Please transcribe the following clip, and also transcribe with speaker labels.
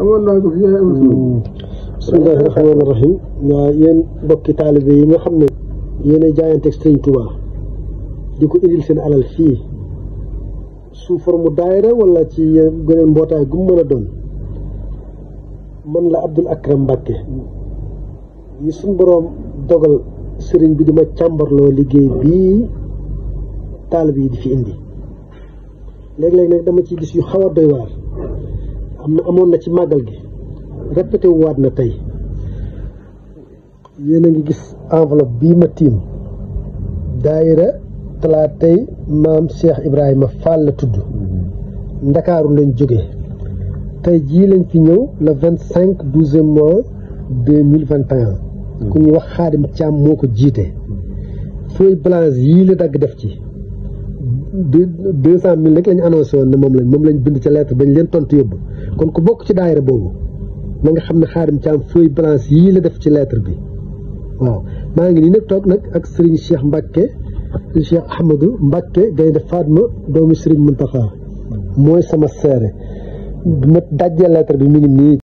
Speaker 1: amoon naa ko fi yaay amul suuf. Mm. bismillahi rahmaani yi nga xam ne yéenay jaayanteeg sëñ Tuba di ko indil seen alal fii sous forme daayira wala ci gëneen mbootaay gu mu mën a doon man la Abdoul Akram Mbacke yi suñ boroom dogal sëriñ bi di ma càmbarloo liggéey bii taalibe yi di fi indi léeg-léeg nag dama ci gis yu xaw doy waar amoon na ci màggal gi répété waat na tey yéen a ngi gis enveloppe bii ma tiim daayira talaatay maam Cheikh Ibrahima Fall la tudd ndakaaru lañ jóge tey jii lañ fi ñëw le vingt cinq douzième mois deux mille vingt et ku ñuy wax xaadim Thiam moo ko jiite feuille blanche yii la dagg def ci deux deux cent mille rek la ñu annoncé moom lañ moom lañ bind ca lettre bañ leen tontu yóbbu kon ku bokk ci daayira boobu na nga xam ne xaarim caam feuille blanche yii la def ci lettre bi waaw maa ngi nii nag toog nag ak Serigne Cheikh Mbacke Cheikh Ahmadou Mbacke Gaynde Fatma doomu Serigne Mountakha mooy sama seere ma dajjee bi mi ngi